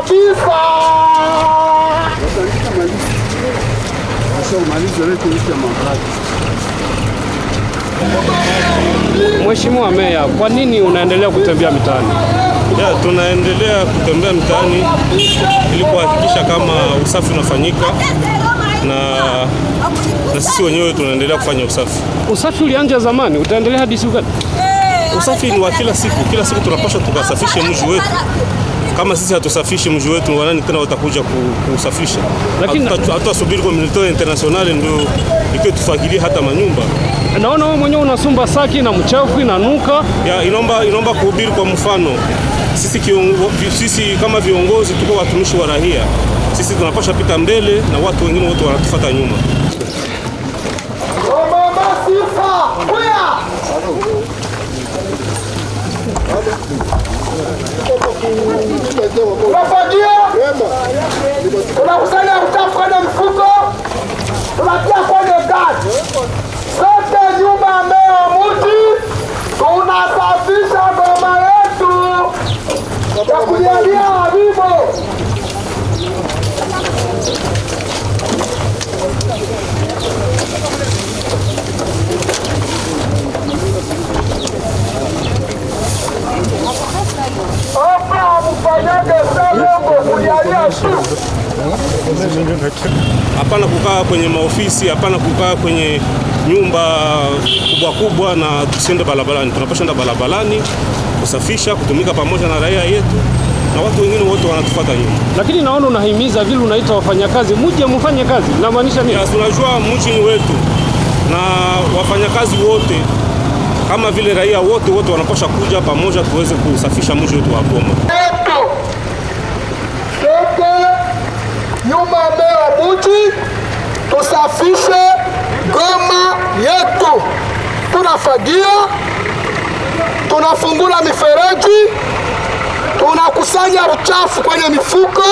kabisa. Mheshimiwa Meya, kwa nini unaendelea kutembea mitaani? Ya, tunaendelea kutembea mitaani ili kuhakikisha kama usafi unafanyika na, na sisi wenyewe tunaendelea kufanya usafi. Usafi ulianza zamani, utaendelea hadi siku gani? Usafi ni wa kila siku, kila siku tunapaswa tukasafishe mji wetu. Kama sisi hatusafishi mji wetu, wanani tena watakuja kusafisha? Lakini hatutasubiri kwa military international ndio ikiwe tufagilie hata manyumba. Naona wewe mwenyewe unasumba saki na mchafu inanuka. Ya inomba inomba kuhubiri kwa mfano. Sisi kiongo, sisi kama viongozi tuko watumishi wa raia. Sisi tunapasha pita mbele na watu wengine wote wanatufuata nyuma. Papadia! rahisi, hapana kukaa kwenye nyumba kubwa kubwa na tusiende barabarani. Tunapaswa enda barabarani kusafisha, kutumika pamoja na raia yetu na watu wengine wote wanatufuata nyuma. Lakini naona unahimiza vile unaita wafanyakazi muje mfanye kazi, namaanisha nini? unajua mji ni wetu na wafanyakazi wote kama vile raia wote wote wanapaswa kuja pamoja tuweze kusafisha mji wetu wa Goma. Sote nyuma ya mji tusafishe Goma yetu. Tunafagia, tunafungula mifereji, tunakusanya uchafu kwenye mifuko,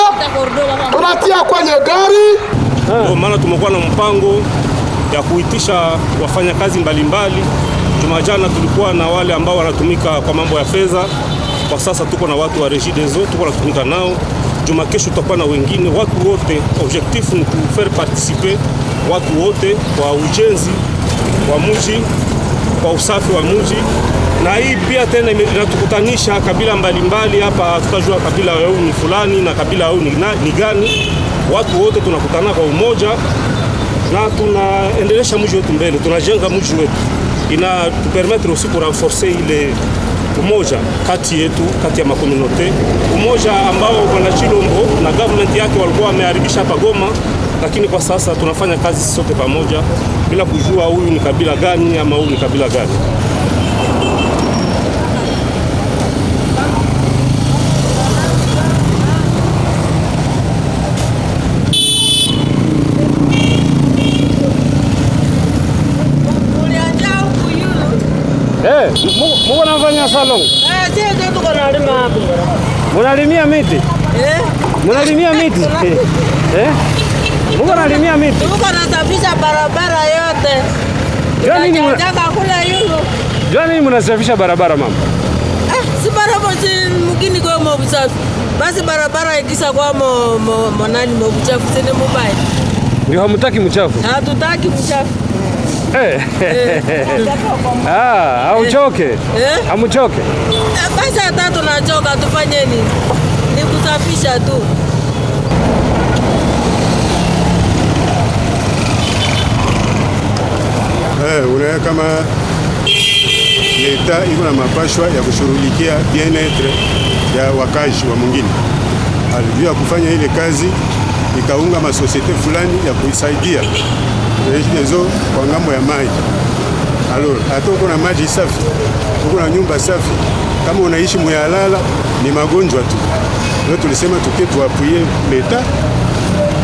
tunatia kwenye gari. Ndio maana tumekuwa na mpango ya kuitisha wafanyakazi mbalimbali. Jumajana tulikuwa na wale ambao wanatumika kwa mambo ya fedha, kwa sasa tuko na watu wa Regideso tuko natumika nao juma kesho tutakuwa na wengine watu wote. Objectif ni kufaire participer watu wote kwa ujenzi wa mji, kwa usafi wa mji, na hii pia tena inatukutanisha kabila mbalimbali hapa mbali. Tutajua kabila yao ni fulani na kabila yao ni, ni gani. Watu wote tunakutana kwa umoja na tunaendelesha mji wetu mbele, tunajenga mji wetu, inatupermettre aussi kurenforcer ile umoja kati yetu, kati ya makomunote, umoja ambao bwana Chilombo na government yake walikuwa wameharibisha hapa Goma, lakini kwa sasa tunafanya kazi sote pamoja bila kujua huyu ni kabila gani ama huyu ni kabila gani. Eh, muko nafanya salon? Eh, sisi tuko nalima hapo. Munalimia miti? Eh. Munalimia miti? Eh? eh? Muko nalimia miti? Tuko nasafisha barabara yote. Jua nini muna... kule yulu. Jua nini munasafisha barabara mama? Eh, si barabara si mgini kwa mwabusafi. Basi barabara ikisa kwa mwanani mwabuchafu, sini mubai. Ndio hamutaki mchafu? Hatutaki mchafu. Eh. Ah, eh. Hauchoke? Eh. Hamchoke? Basi hata tunachoka, tufanye nini? Ni kusafisha tu. Eh, unaona kama leta iko na mapashwa ya kushughulikia etre ya wakazi wa mwingine, alijua kufanya ile kazi ikaunga masosiete fulani ya kuisaidia regideso kwa ngambo ya maji. Alors hata uko na maji safi, uko na nyumba safi, kama unaishi muyalala ni magonjwa tu. Ndio tulisema tuke tuapuye leta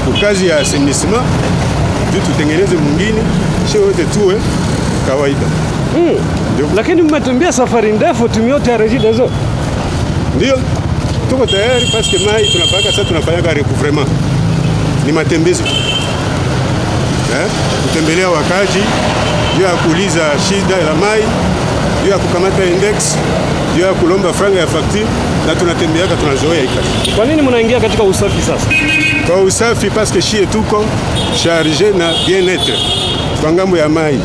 ku kazi ya asenisma juu tutengeneze mwingine she wote tuwe kawaida. Mm. Lakini mmetembea safari ndefu tumiote ya regideso. Ndio tuko tayari paske mai tunapaka sasa tunafanya recouvrement ni matembezi eh, kutembelea wakaji juu ya kuuliza shida ya mai, juu ya kukamata index, juu ya kulomba franga ya fakturi, na tunatembeaka tunazoea hiki. Kwa nini mnaingia katika usafi sasa? Kwa usafi paske shie tuko charge na bien-etre kwa ngambo ya mai,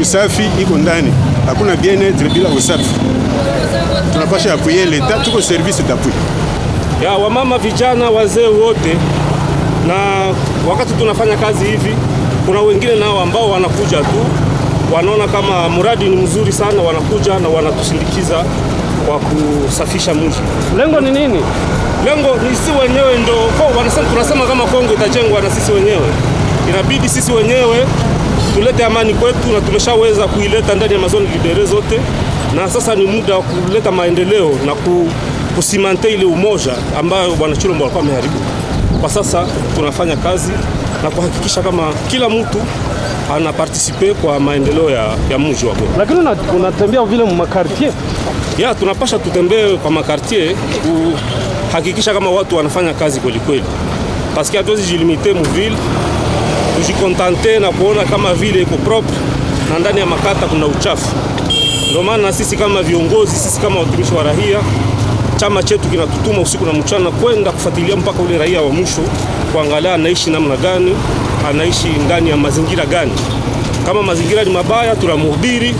usafi iko ndani, hakuna bien-etre bila usafi. Tunapasha apuye leta, tuko service d'appui ya wamama, vijana, wazee wote, na wakati tunafanya kazi hivi kuna wengine nao ambao wanakuja tu wanaona kama mradi ni mzuri sana, wanakuja na wanatusindikiza kwa kusafisha mji. Lengo ni nini? Lengo ni sisi wenyewe ndo wanasema, tunasema kama Kongo itajengwa na sisi wenyewe, inabidi sisi wenyewe tulete amani kwetu, na tumeshaweza kuileta ndani ya mazoni libere zote, na sasa ni muda wa kuleta maendeleo na kusimante ile umoja ambayo Bwana Chilombo alikuwa ameharibu. Kwa sasa tunafanya kazi na kuhakikisha kama kila mtu ana partisipe kwa maendeleo ya, ya mji wa Goma. Lakini unatembea vile makartier ya tunapasha tutembee kwa makartier kuhakikisha kama watu wanafanya kazi kweli kweli, paske hatuwezi jilimite muvile tujikontante na kuona kama vile iko propre na ndani ya makata kuna uchafu. Ndio maana sisi kama viongozi, sisi kama watumishi wa raia, chama chetu kinatutuma usiku na mchana kwenda kufuatilia mpaka ule raia wa mwisho kuangalia anaishi namna gani, anaishi ndani ya mazingira gani. Kama mazingira ni mabaya, tunamhubiri,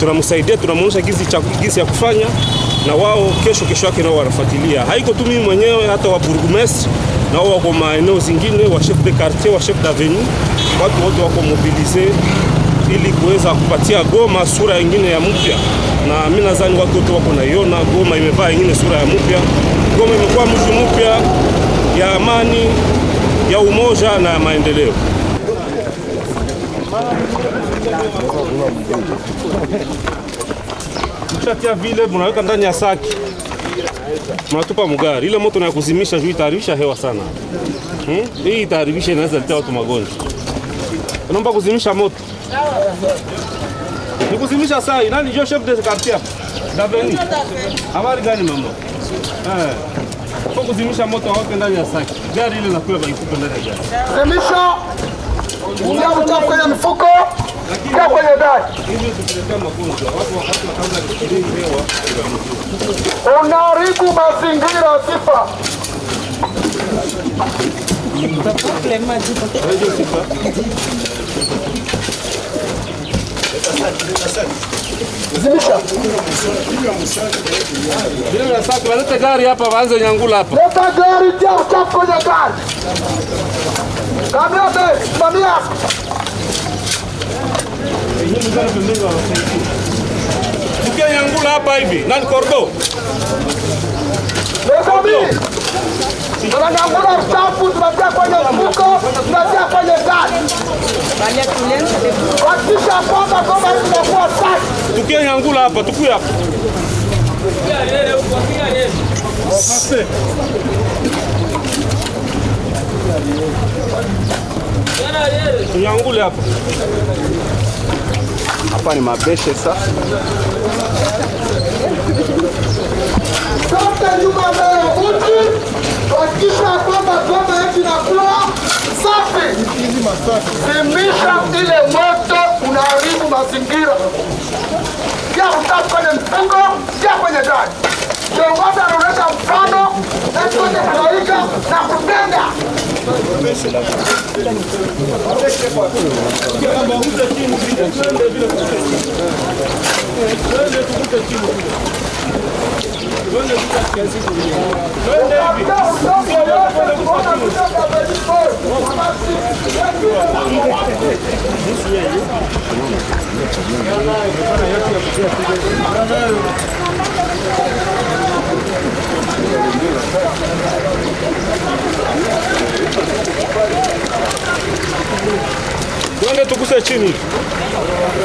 tunamsaidia, tunamuonyesha gizi ya kufanya, na wao kesho kesho yake nao wanafuatilia. Haiko tu mimi mwenyewe, hata wa burgomestre na wao wako maeneo zingine, wa chef de quartier, wa chef d'avenue, watu wote wako mobilize ili kuweza kupatia Goma sura nyingine ya mpya, na mimi nadhani watu wote wako naiona Goma imevaa nyingine sura ya mpya. Goma imekuwa mji mpya ya amani ya umoja na maendeleo. Mshatia vile mnaweka ndani ya saki, mnatupa mugari, ile moto na kuzimisha juu itaharibisha hewa sana. Hmm? Hii itaharibisha, inaweza leta watu magonjwa. Naomba kuzimisha moto, ni kuzimisha sai. Nani jo chef de quartier? Daveni. Habari gani mama? Eh kuzimisha moto wote ndani ya saki. Gari ile inakuwa iko ndani ya gari. Zimisha. Unga utoka kwenye mfuko. Kwa kwenye gari. Hivyo tukiletea magonjwa. Watu wakati kabla kufikiria hewa. Unaharibu mazingira sifa. Sifa. Zimisha. Lete gari hapa waanze nyangula hapa. Leta gari tia uchafu kwenye gari. Kamera simamia. Mkia nyangula hapa hivi. Nani kordo? Leta mimi wanang'oa uchafu, tunatia kwenye mfuko, tunatia kwenye gari, kuhakikisha kwamba Goma tunakuwa safi. Tukia nyangula hapa, tukuya hapa tunyangule hapa hapa ni mabeshe sasa tuhakikisha ya kwamba baba yetu inakuwa safi. Zimisha ile moto, unaharibu mazingira ya kutaa kwenye mtungo ya kwenye gari. Kiongozi anaonyesha mfano na tuweze kuwaiga na kutenda Twende tukuse chini. Twende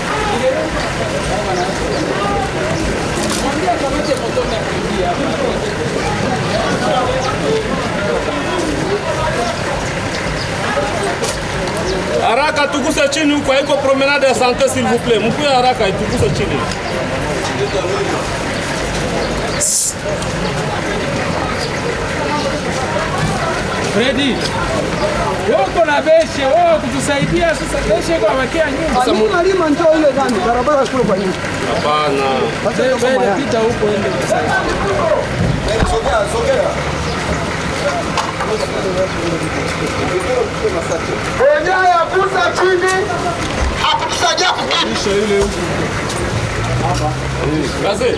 Araca, tu cum să cine cu aici o promenadă de santă, s'il vă plaît. Mă Araca, tu cum să ceni? Freddy! Woko na beshe wao kutusaidia sasa, beshe kwa wakia nyumba. Sasa mwalimu njoo ile ndani barabara kule kwa nyumba. Hapana. Sasa wewe pita huko ende kwa sasa. Sogea, sogea. Wenyewe yakuza chini. Hakutusaidia kukiti. Ile huko. Hapa. Basi.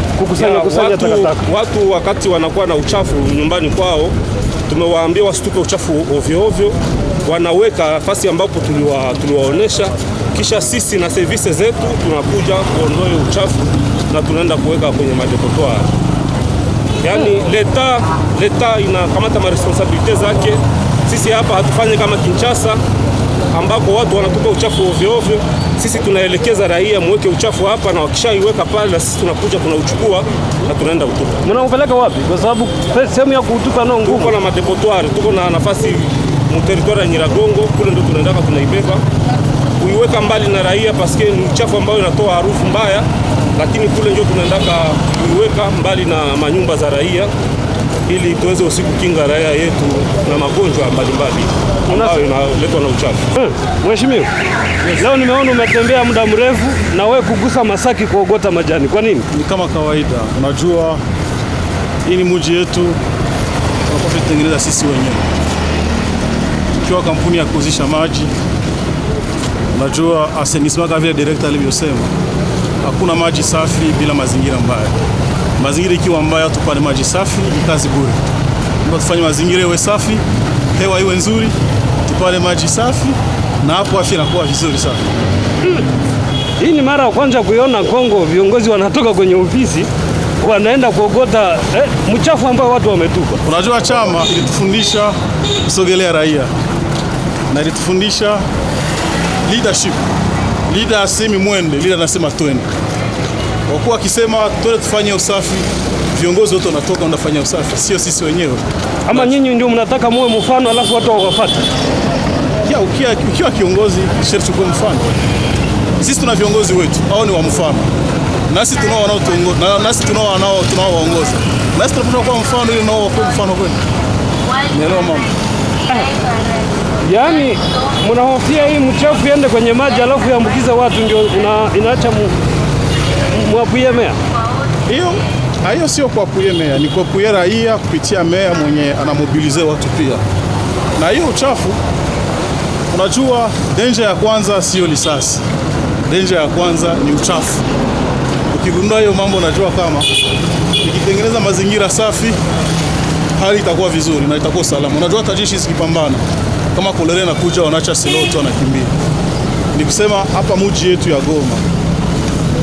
kukusanya kukusanya watu, Watu wakati wanakuwa na uchafu nyumbani kwao, tumewaambia wasitupe uchafu ovyo ovyo, wanaweka nafasi ambapo tuliwa, tuliwaonesha kisha sisi na service zetu tunakuja kuondoa uchafu na tunaenda kuweka kwenye madepotoir. Yaani hmm. leta leta inakamata maresponsabilite zake. Sisi hapa hatufanye kama Kinshasa ambako watu wanatupa uchafu ovyo ovyo. Sisi tunaelekeza raia, muweke uchafu hapa, na wakishaiweka pale, na sisi tunakuja tunauchukua na tunaenda kutupa. Mnaupeleka wapi? Kwa sababu sehemu ya kutupa nao ngumu. Tuko na madepotoire, tuko na nafasi mteritoria ya Nyiragongo, kule ndio tunaendaka tunaibeba kuiweka mbali na raia, paske ni uchafu ambayo inatoa harufu mbaya, lakini kule ndio tunaendaka kuiweka mbali na manyumba za raia ili tuweze usiku kinga raia yetu na magonjwa mbalimbali ambayo inaletwa na uchafu. Hmm. Eh, mheshimiwa, yes. Leo nimeona umetembea muda mrefu na wewe kugusa masaki kuogota majani, kwa nini? Ni kama kawaida, unajua hii ni mji yetu, tunapaswa kutengeneza sisi wenyewe ukiwa kampuni ya kuuzisha maji. Unajua asenisimaka vile director alivyosema, hakuna maji safi bila mazingira mbaya Mazingira ikiwa mbaya, tupate maji safi, ni kazi bure. Ndio tufanye mazingira iwe safi, hewa iwe nzuri, tupate maji safi, na hapo afya inakuwa vizuri sana. Hmm. Hii ni mara ya kwanza kuiona Kongo, viongozi wanatoka kwenye ofisi wanaenda kuogota eh, mchafu ambao watu wametupa. Unajua, chama ilitufundisha kusogelea raia na ilitufundisha leadership. Leader asemi mwende, leader anasema twende wakuwa wakisema tuende tufanye usafi, viongozi wote wanatoka wanafanya usafi, sio sisi wenyewe. Ama nyinyi ndio mnataka muwe mfano, alafu watu hawafuate. Ukiwa, ukiwa kiongozi sharti chukua mfano. Sisi tuna viongozi wetu, hao ni wa mfano, nasi tunao na nasi tunao wanao nasi tunapaswa kuwa mfano ili nao wakuwe mfano kwenu. Nelewa mama, yaani mnahofia hii mchafu iende kwenye maji alafu yaambukiza watu, ndio inaacha mu mwapuye meya hiyo hiyo, sio kwapuye mea ni kwapuye raia kupitia mea mwenye anamobilize watu pia na hiyo uchafu. Unajua, denja ya kwanza sio lisasi, denja ya kwanza ni uchafu. Ukigundua hiyo mambo, unajua kama nikitengeneza mazingira safi, hali itakuwa vizuri na itakuwa salama. Unajua, tajishi zikipambana kama na kuja wanacha siloto, wanakimbia. Ni kusema hapa muji yetu ya Goma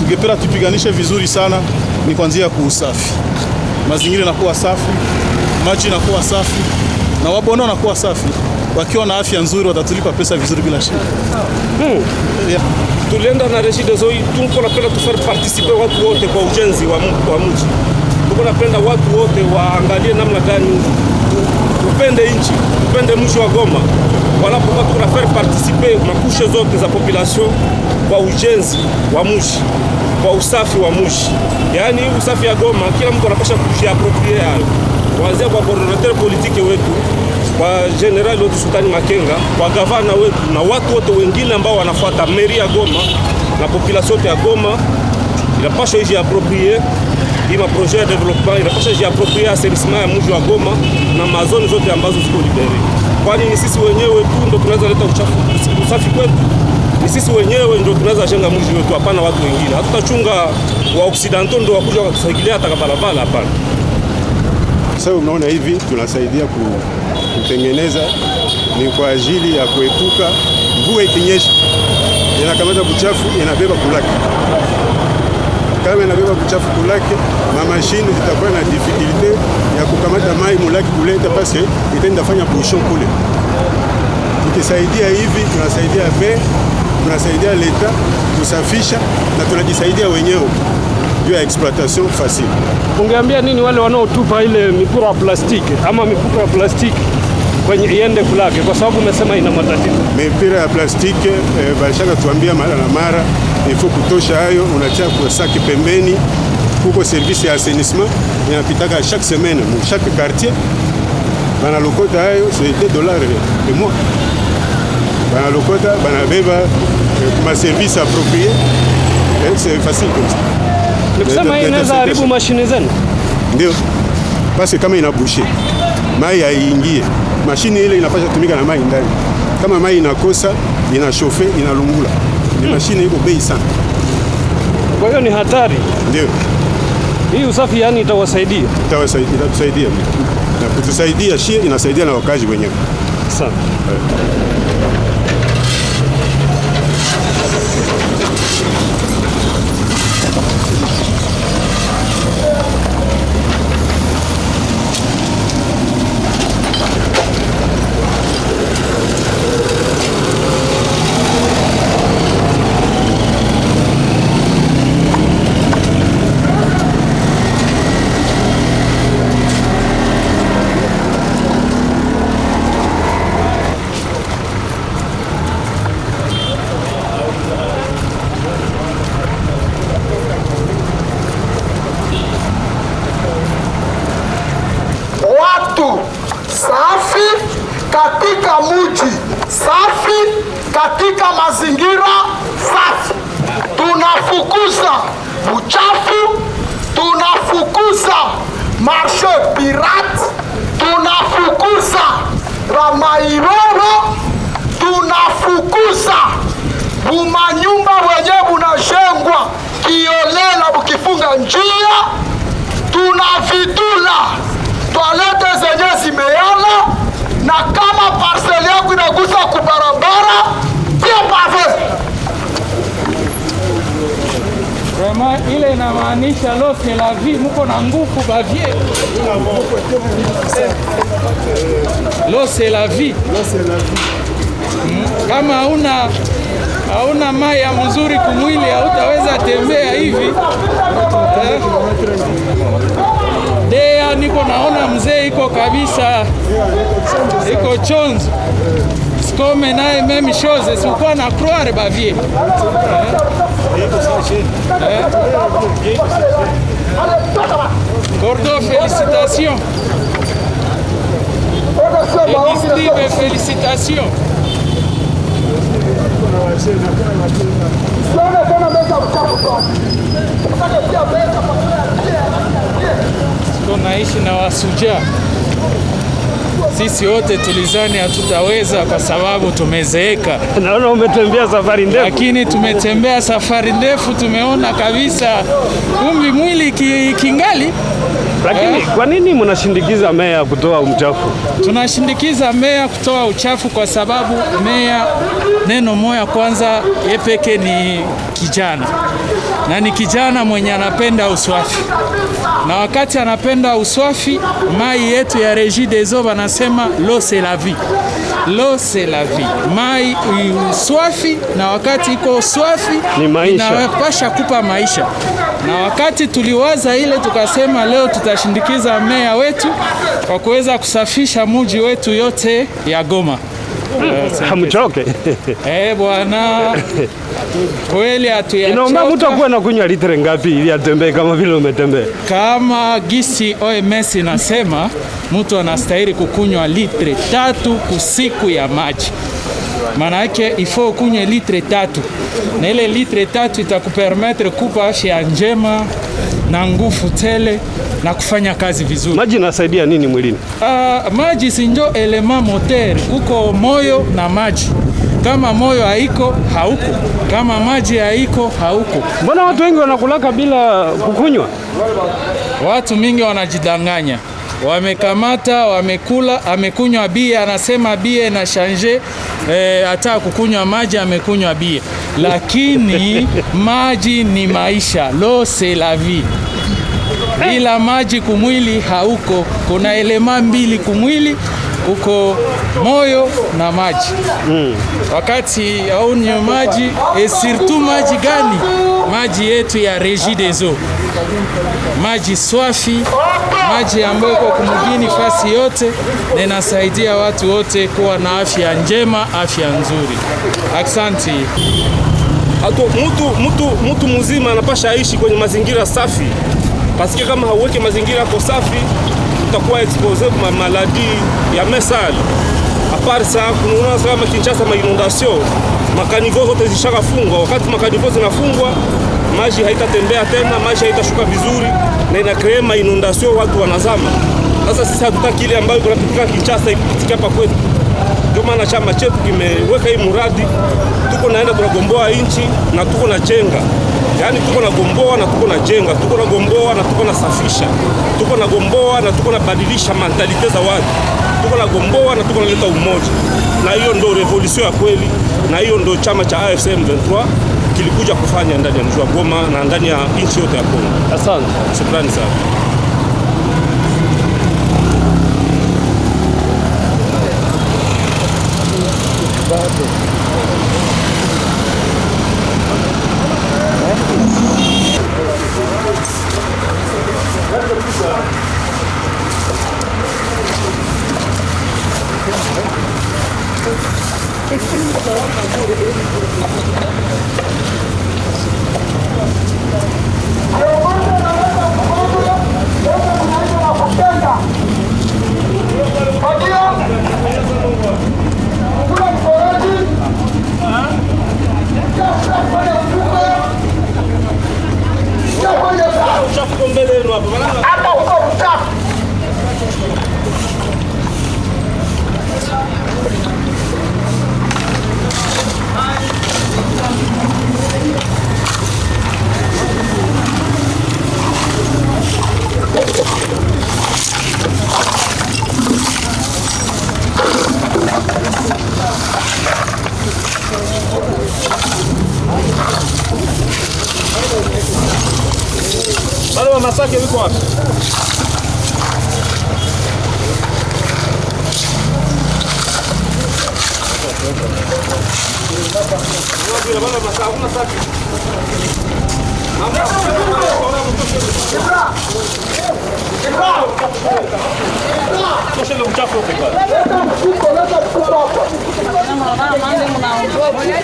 tungependa tupiganishe vizuri sana ni kwanzia ya kuusafi, mazingira yanakuwa safi, maji yanakuwa safi na wabona wanakuwa safi. Wakiwa na afya nzuri, watatulipa pesa vizuri bila shida. hmm. yeah. Tulienda na Regideso, tuko napenda tufanye partisipe watu wote kwa ujenzi wa mji. Tuko napenda watu wote waangalie namna gani tupende nchi, tupende mji wa Goma wanapokuwa faire participer makushe zote za population kwa ujenzi wa mji kwa usafi wa mushi, yaani usafi ya Goma, kila mtu anapasha kujiaproprie hayo, kuanzia kwa coordinateur politique wetu kwa general wetu Sultani Makenga, kwa gavana wetu na watu wote wengine ambao wanafuata meri ya Goma na population yote ya Goma inapasha ijiaproprie ima projet ya development inapasha jiaproprie assainissement ya mji wa Goma na mazoni zote ambazo ziko libere, kwani ni sisi wenyewe tu ndo tunaweza leta usafi kwetu ni sisi wenyewe ndio tunaweza shenga mji wetu, hapana watu wengine. Hatutachunga wa Occidental ndio wakuja kusaidia hata barabara, hapana. Sasa unaona hivi tunasaidia kutengeneza, ni kwa ajili ya kuepuka mvua ikinyesha inakamata buchafu inabeba kulaki Kama inabeba buchafu kulake, mamashine zitakuwa na difikilte ya kukamata mai mulaki kuleta pase itaenda fanya bushon kule. Tukisaidia hivi tunasaidia ve tunasaidia leta kusafisha na tunajisaidia wenyewe juu ya exploitation facile. Ungeambia nini wale wanaotupa ile mipira ya plastiki ama mifuko ya plastiki kwenye iende kulake, kwa sababu umesema ina matatizo mipira ya plastiki e, eh, balishaka tuambia mara na mara ifo kutosha hayo, unatia kwa saki pembeni. Kuko service ya assainissement inapitaka chaque semaine mu chaque quartier banalokota hayo, c'est 2 dollars le mois banalokota banabeba Euh, ma service approprié, c'est facile comme ça. Ni hii inaweza haribu mashine zenu? Ndio, basi kama inabushe mai haiingie, mashine ile inapasha tumika na mai ndani. Kama mai inakosa, inashofe, inalungula, ni hmm. mashine iko bei sana, kwa hiyo ni hatari. Ndio hii usafi yani itawasaidia, itawasaidia, itatusaidia na kutusaidia, shie inasaidia na wakazi wenyewe. Sawa. inamaanisha lose la vie, muko na nguvu bavye lose la vi hmm. Kama hauna hauna mai ya mzuri kumwili, hautaweza tembea hivi eh? Dea niko naona mzee iko kabisa, iko chonzo sikome naye meme chose sikuwa na croire bavye eh? Gordo, félicitations. Elisabeth, félicitations. Tunaishi na wasujaa. sisi wote tulizani hatutaweza kwa sababu tumezeeka. Naona umetembea safari ndefu, lakini tumetembea safari ndefu, tumeona kabisa kumbi mwili kingali lakini eh? kwa nini mnashindikiza meya kutoa uchafu? Tunashindikiza meya kutoa uchafu kwa sababu meya neno moya kwanza, yepeke ni kijana na ni kijana mwenye anapenda uswafi na wakati anapenda uswafi, mai yetu ya regi des Eaux wanasema lo c'est la vie, lo c'est la vie. Mai uswafi, na wakati iko uswafi inapasha kupa maisha. Na wakati tuliwaza ile, tukasema leo tutashindikiza meya wetu kwa kuweza kusafisha muji wetu yote ya Goma hamchoke. Eh bwana, kweli hatuyachoka. Inaomba mtu akuwe na kunywa litre ngapi ili atembee kama vile umetembea? Kama gisi OMS inasema mtu anastahili kukunywa litre tatu kusiku ya maji maana yake ifo kunye litre tatu, na ile litre tatu itakupermetre kupa afya njema na nguvu tele na kufanya kazi vizuri. Maji inasaidia nini mwilini? Uh, maji si njo elema moter, kuko moyo na maji kama moyo haiko hauko, kama maji haiko hauko. Mbona watu wengi wanakulaka bila kukunywa? Watu mingi wanajidanganya wamekamata, wamekula, amekunywa bia, anasema bia na shanje eh, hata e, kukunywa maji amekunywa bia, lakini maji ni maisha, lo c'est la vie bila maji kumwili hauko. Kuna elema mbili kumwili huko moyo na maji mm. Wakati aunye maji e eh, sirtu maji gani? Maji yetu ya Regie des Eaux, maji swafi, maji ambayo kwa kumugini fasi yote na inasaidia watu wote kuwa na afya njema, afya nzuri. Aksanti. Ato, mtu, mtu, mtu mzima anapasha aishi kwenye mazingira safi, pasike kama hauweke mazingira yako safi tutakuwa expose ma maladie ya mesale apart sa kunaona kama Kinshasa ma inondation makanivo zote fungwa. Wakati makanivo zinafungwa, maji haitatembea tena, maji haitashuka vizuri, na ina create ma inondation, watu wanazama. Sasa sisi hatutaki ile ambayo tunapitika Kinshasa ipitike hapa kwetu. Ndio maana chama chetu kimeweka hii muradi, tuko naenda tunagomboa inchi na tuko na chenga Yaani tuko na gomboa na tuko na jenga, tuko na gomboa na tuko na safisha, tuko na gomboa na tuko na badilisha mentalite za watu, tuko na gomboa na tuko na leta umoja, na hiyo ndo revolution ya kweli, na hiyo ndo chama cha AFC M23 kilikuja kufanya ndani ya mji wa Goma na ndani ya nchi yote ya Kongo. Asante, shukrani sana.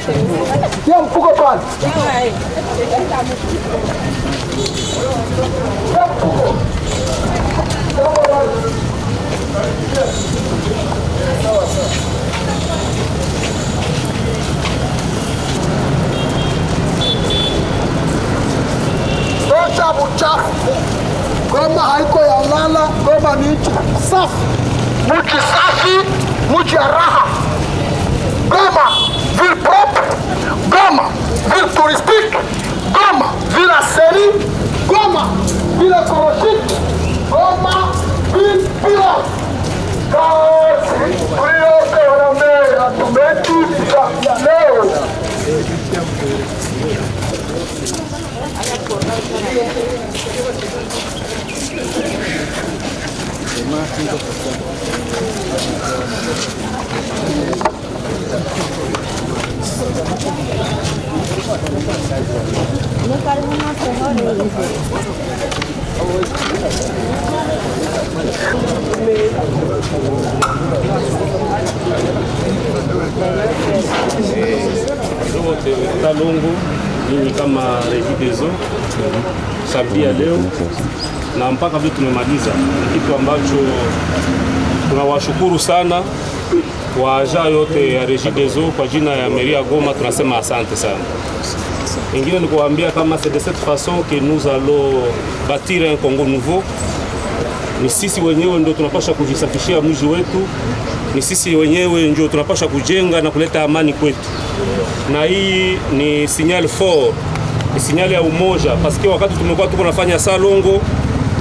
Tempo, Gopal! Chafu, goma haiko ya lala, goma ni nchi safi, muchi safi, raha, Copa, Gama vira Torres Pique, Gama vira Seri, Gama vira Corotique, Gama vira Casi, Rio Terraneira, do Metista, Leo. Tem mais 5%. পারবো না শহরে Talongo mimi kama revidezo sabdi ya leo na mpaka vile tumemaliza, kitu ambacho tunawashukuru sana waaja yote ya regideso kwa jina ya meria Goma, tunasema asante sana ingine ni kuambia kama c'est de cette façon que nous allons bâtir un Congo nouveau. Ni sisi wenyewe ndio tunapasha kujisafishia mji wetu, ni sisi wenyewe ndio tunapasha kujenga na kuleta amani kwetu, na hii ni signal fort, ni signal ya umoja, que wakati tumekuwa tuko nafanya salongo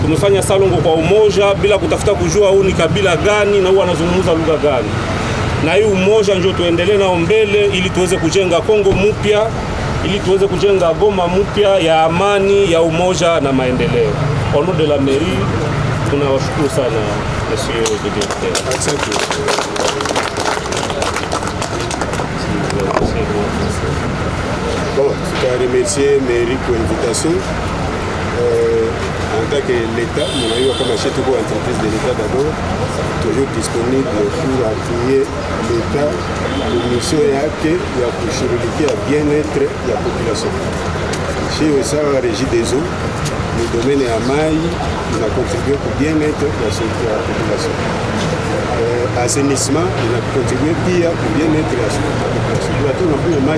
tumefanya salongo kwa umoja bila kutafuta kujua huu ni kabila gani na huu anazungumza lugha gani, na hii umoja ndio tuendelee nao mbele ili tuweze kujenga Kongo mpya ili tuweze kujenga Goma mpya ya amani, ya umoja na maendeleo. Au de la mairie, tunawashukuru sana monsieur le directeur. Bon, je voudrais remercier mairie pour invitation. que l'État, nous avons comme acheté pour l'entreprise de l'État d'abord, toujours disponible pour appuyer l'État, commission et acte, il y a pour à bien-être de la population. Chez OSA, la régie des eaux, le domaine est à maille, on a contribué pour bien-être de la population. Euh, assainissement, on a contribué pire pour bien-être de la population. Tout le monde a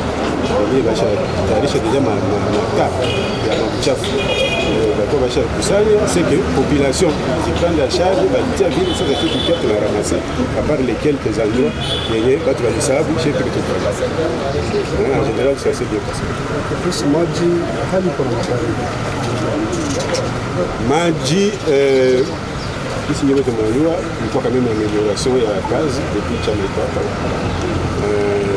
wengine bashatayarisha deja makap ya mabuchafu eh, bakuwa bashakusanya seke population kipanda charge balitia vile sasa, kitu kia tunaramasa apart les quelques endroits yenye batu balisabu shetu en general ça s'est bien passé. Kuhusu maji, hali iko namna maji eh, sisi ndio tumeambiwa ilikuwa kama ya kazi depuis chama ipata eh,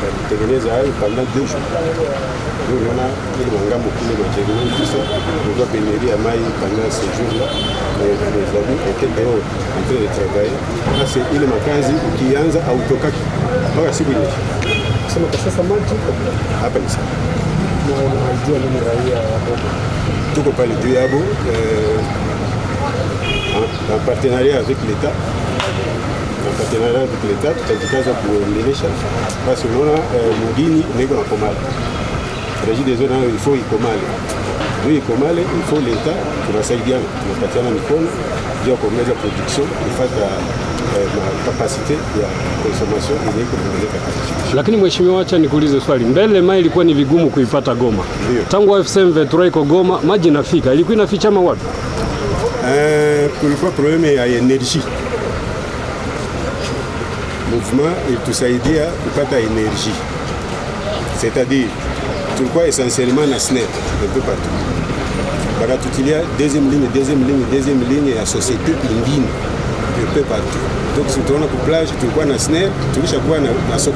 kalitengeneza hayo pendant deux jours ndio naona ile wangambo kule majeruhi sasa ndio peneria mai pendant ces jours là eh, na les amis étaient dehors en train de travailler sasa ile makazi ukianza autokaki mpaka siku ile sema kwa sasa maji hapa ni sana na wanajua nini raia tuko pale juu yabo eh, en partenariat avec l'État na patina nayo tatu kuendelesha. Basi unaona eh, mudini niko na komale nayo ifo ikomale ikomale ifo leta, tunasaidiana tunapatiana mikono juu ya kuongeza production ifata eh, ya Lakini mheshimiwa, acha nikuulize swali. Mbele mai ilikuwa ni vigumu kuipata Goma, tangu FSM vetura iko Goma maji inafika, ilikuwa inafichama wapi? Eh, kulikuwa probleme ya energie mouvement tout ilitusaidia hein, kupata énergie c'est-à-dire tulikuwa essentiellement na SNEP un peu partout, a deuxième ligne deuxième ligne deuxième ligne la société indigne un peu partout. Donc si utaona kuplage tulikuwa na SNEP tulishakuwa na soko